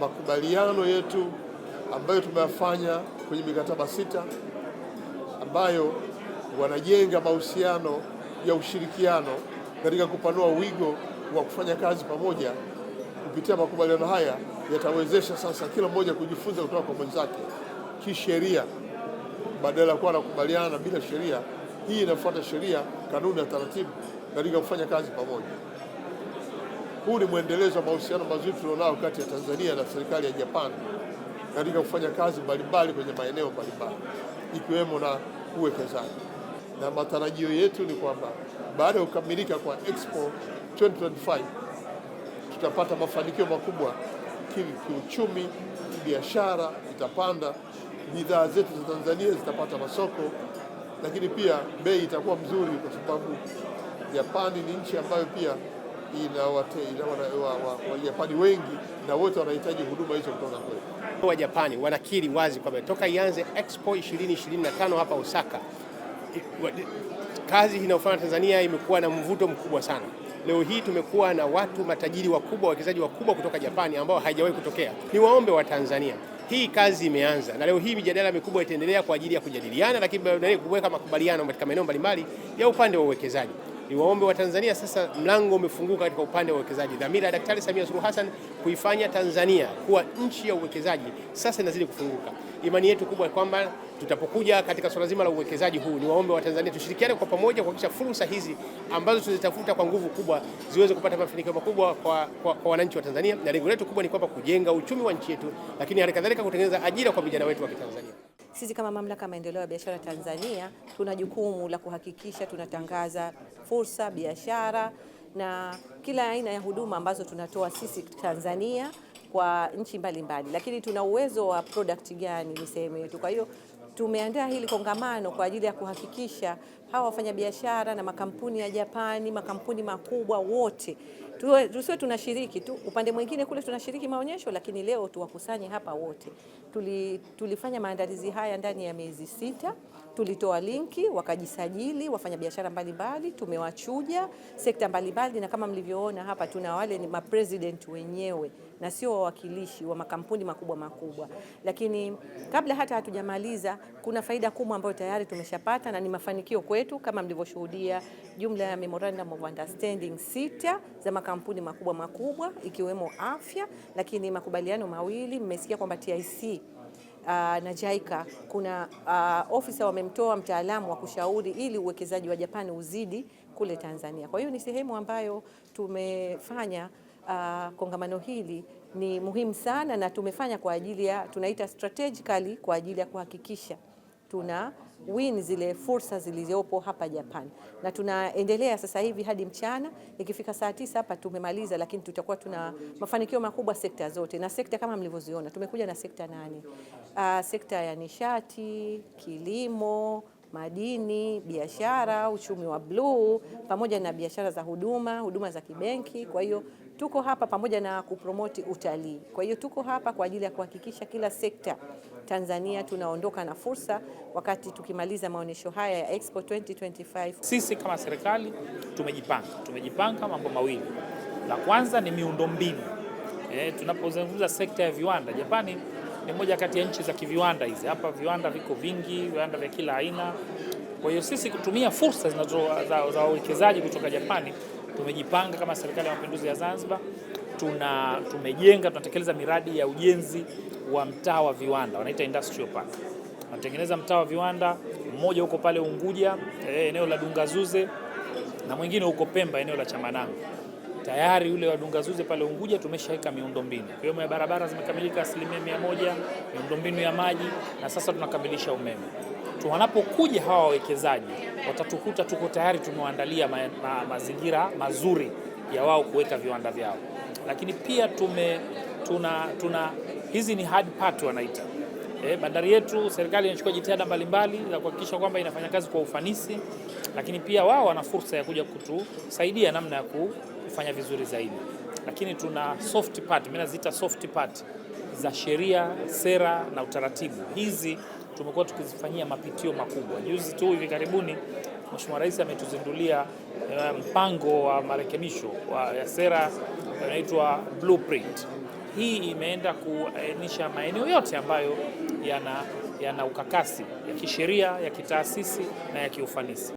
makubaliano yetu ambayo tumeyafanya kwenye mikataba sita ambayo wanajenga mahusiano ya ushirikiano katika kupanua wigo wa kufanya kazi pamoja. Kupitia makubaliano haya yatawezesha sasa kila mmoja kujifunza kutoka kwa mwenzake kisheria, badala ya kuwa anakubaliana bila sheria. Hii inafuata sheria, kanuni na taratibu katika kufanya kazi pamoja. Huu ni mwendelezo wa mahusiano mazuri tulionao kati ya Tanzania na serikali ya Japan katika kufanya kazi mbalimbali kwenye maeneo mbalimbali ikiwemo na uwekezaji, na matarajio yetu ni kwamba baada ya kukamilika kwa Expo 2025 tutapata mafanikio makubwa kiuchumi, biashara itapanda, bidhaa zetu za Tanzania zitapata masoko, lakini pia bei itakuwa mzuri, kwa sababu Japani ni nchi ambayo pia ina Wajapani wengi na wote wanahitaji huduma hizo kutoka kwetu. Wajapani wanakiri wazi kwamba toka ianze Expo 2025 hapa Osaka, kazi inayofanya Tanzania imekuwa na mvuto mkubwa sana. Leo hii tumekuwa na watu matajiri wakubwa, wawekezaji wakubwa kutoka Japani ambao haijawahi kutokea. Ni waombe wa Tanzania, hii kazi imeanza na leo hii mijadala mikubwa itaendelea kwa ajili ya kujadiliana, lakini kuweka makubaliano katika maeneo mbalimbali ya upande wa uwekezaji ni waombe wa Tanzania sasa, mlango umefunguka katika upande wa uwekezaji. Dhamira ya Daktari Samia Suluhu Hassan kuifanya Tanzania kuwa nchi ya uwekezaji sasa inazidi kufunguka. Imani yetu kubwa ni kwamba tutapokuja katika swala zima la uwekezaji huu, ni waombe wa Tanzania tushirikiane kwa pamoja kuhakikisha fursa hizi ambazo tunazitafuta kwa nguvu kubwa ziweze kupata mafanikio makubwa kwa, kwa, kwa wananchi wa Tanzania, na lengo letu kubwa ni kwamba kujenga uchumi wa nchi yetu, lakini halikadhalika kutengeneza ajira kwa vijana wetu wa Kitanzania. Sisi kama Mamlaka ya Maendeleo ya Biashara Tanzania tuna jukumu la kuhakikisha tunatangaza fursa, biashara na kila aina ya huduma ambazo tunatoa sisi Tanzania kwa nchi mbalimbali Lakini tuna uwezo wa product gani ni sehemu yetu. Kwa hiyo tumeandaa hili kongamano kwa ajili ya kuhakikisha hawa wafanyabiashara na makampuni ya Japani, makampuni makubwa wote tusiwe tunashiriki tu upande mwingine kule tunashiriki maonyesho, lakini leo tuwakusanye hapa wote. Tuli, tulifanya maandalizi haya ndani ya miezi sita, tulitoa linki wakajisajili wafanyabiashara mbalimbali, tumewachuja sekta mbalimbali, na kama mlivyoona hapa tuna wale ni mapresident wenyewe na sio wawakilishi wa makampuni makubwa makubwa. Lakini kabla hata hatujamaliza, kuna faida kubwa ambayo tayari tumeshapata na ni mafanikio kwe wetu kama mlivyoshuhudia, jumla ya memorandum of understanding sita za makampuni makubwa makubwa ikiwemo afya, lakini makubaliano mawili mmesikia kwamba TIC Uh, na JICA kuna uh, ofisa wamemtoa mtaalamu wa kushauri ili uwekezaji wa Japani uzidi kule Tanzania. Kwa hiyo ni sehemu ambayo tumefanya uh, kongamano hili ni muhimu sana na tumefanya kwa ajili ya tunaita strategically kwa ajili ya kuhakikisha tuna win zile fursa zilizopo hapa Japan, na tunaendelea sasa hivi hadi mchana. Ikifika saa tisa hapa tumemaliza, lakini tutakuwa tuna mafanikio makubwa sekta zote, na sekta kama mlivyoziona tumekuja na sekta nane. Uh, sekta ya nishati, kilimo madini, biashara, uchumi wa bluu, pamoja na biashara za huduma, huduma za kibenki. Kwa hiyo tuko hapa pamoja na kupromoti utalii. Kwa hiyo tuko hapa kwa ajili ya kuhakikisha kila sekta Tanzania tunaondoka na fursa wakati tukimaliza maonyesho haya ya Expo 2025. Sisi kama serikali tumejipanga, tumejipanga mambo mawili. La kwanza ni miundombinu. E, tunapozungumza sekta ya viwanda, Japani ni moja kati ya nchi za kiviwanda hizi. Hapa viwanda viko vingi, viwanda vya kila aina. Kwa hiyo sisi kutumia fursa za wawekezaji kutoka Japani tumejipanga kama serikali ya mapinduzi ya Zanzibar tuna tumejenga tunatekeleza miradi ya ujenzi wa mtaa wa viwanda wanaita industrial park. Tunatengeneza mtaa wa viwanda mmoja huko pale Unguja eh, eneo la Dungazuze na mwingine huko Pemba eneo la chamanangu Tayari ule wa Dungazuze pale Unguja tumeshaweka miundombinu ikiwemo ya barabara zimekamilika asilimia mia moja, miundombinu ya maji na sasa tunakamilisha umeme. Wanapokuja hawa wawekezaji watatukuta tuko tayari tumewaandalia ma, ma, mazingira mazuri ya wao kuweka viwanda vyao lakini pia tume tuna, tuna hizi ni hard part wanaita e, bandari yetu. Serikali inachukua jitihada mbalimbali za kuhakikisha kwamba inafanya kazi kwa ufanisi, lakini pia wao wana fursa ya kuja kutusaidia namna ya kufanya vizuri zaidi. Lakini tuna soft part, mimi naziita soft part za sheria, sera na utaratibu. Hizi tumekuwa tukizifanyia mapitio makubwa. Juzi tu hivi karibuni Mheshimiwa Rais ametuzindulia eh, mpango wa marekebisho ya sera inaitwa blueprint. Hii imeenda kuainisha maeneo yote ambayo yana yana ukakasi ya kisheria, ya kitaasisi na ya kiufanisi.